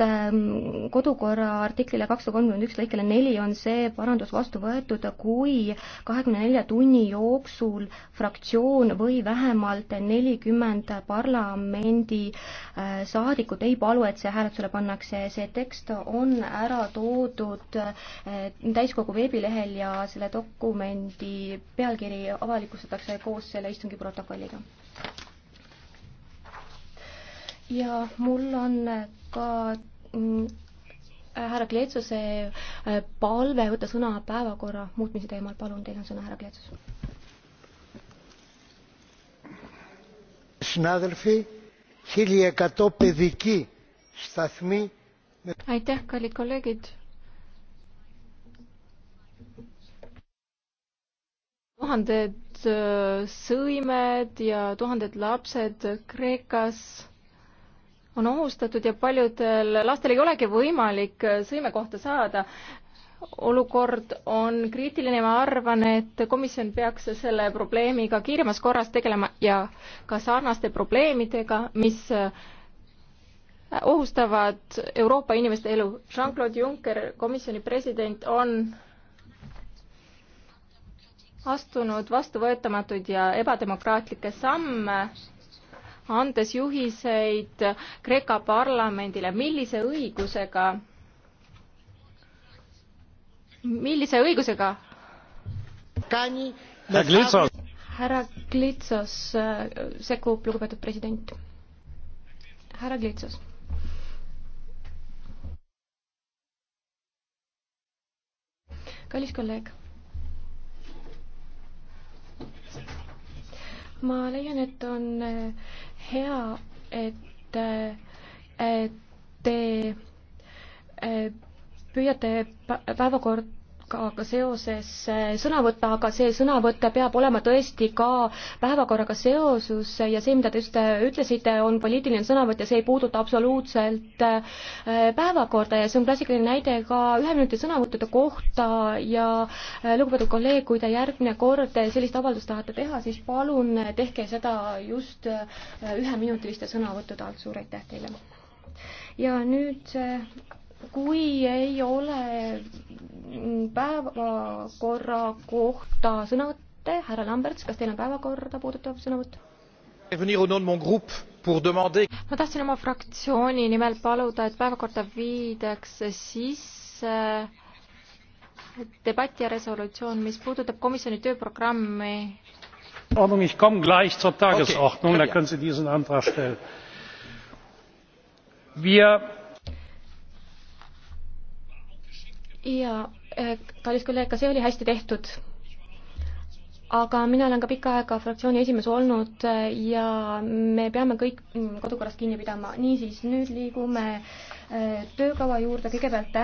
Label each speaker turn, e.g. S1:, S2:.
S1: Ähm, kodukorra artiklile kakssada kolmkümmend üks lõikele neli on see parandus vastu võetud, kui kahekümne nelja tunni jooksul fraktsioon või vähemalt nelikümmend parlamendi äh, saadikut ei palu, et see hääletusele pannakse. see tekst on ära toodud äh, täiskogu veebilehel ja selle dokumendi pealkiri avalikustatakse koos selle istungi protokolliga. ja mul on ka mm, äh, härra Kleetsuse äh, palve võtta sõna päevakorra muutmise teemal, palun, teil on sõna, härra Kleetsus.
S2: aitäh, kallid kolleegid. tuhanded äh, sõimed ja tuhanded lapsed Kreekas on ohustatud ja paljudel lastel ei olegi võimalik sõimekohta saada. olukord on kriitiline, ma arvan, et komisjon peaks selle probleemiga kiiremas korras tegelema ja ka sarnaste probleemidega, mis ohustavad Euroopa inimeste elu. Jean-Claude Juncker, komisjoni president, on astunud vastuvõetamatuid ja ebademokraatlikke samme andes juhiseid Kreeka parlamendile, millise õigusega, millise õigusega? härra Glitsos
S1: sekkub, lugupeetud president. härra Glitsos. kallis kolleeg. ma leian, et on äh, hea, et, et te püüate päevakord päevakorraga seoses äh, sõna võtta, aga see sõnavõtt peab olema tõesti ka päevakorraga seoses ja see, mida te just äh, ütlesite, on poliitiline sõnavõtt ja see ei puuduta absoluutselt äh, päevakorda ja see on klassikaline näide ka ühe minuti sõnavõttude kohta ja lugupeetud kolleeg, kui te järgmine kord sellist avaldust tahate teha, siis palun tehke seda just üheminutiliste sõnavõttude alt, suur aitäh teile! ja nüüd kui ei ole päevakorra kohta sõnavõtte, härra Lamberts, kas teil on päevakorda puudutav sõnavõtt? ma
S2: tahtsin oma fraktsiooni nimel paluda, et päevakorda viidaks sisse debatt ja resolutsioon, mis puudutab komisjoni tööprogrammi.
S1: Ich komme gleich zur Tagesordnung, okay. da können Sie diesen Antrag stellen. Wir ja äh, kallis kolleeg, ka see oli hästi tehtud. aga mina olen ka pikka aega fraktsiooni esimees olnud äh, ja me peame kõik mm, kodukorrast kinni pidama. niisiis, nüüd liigume äh, töökava juurde, kõigepealt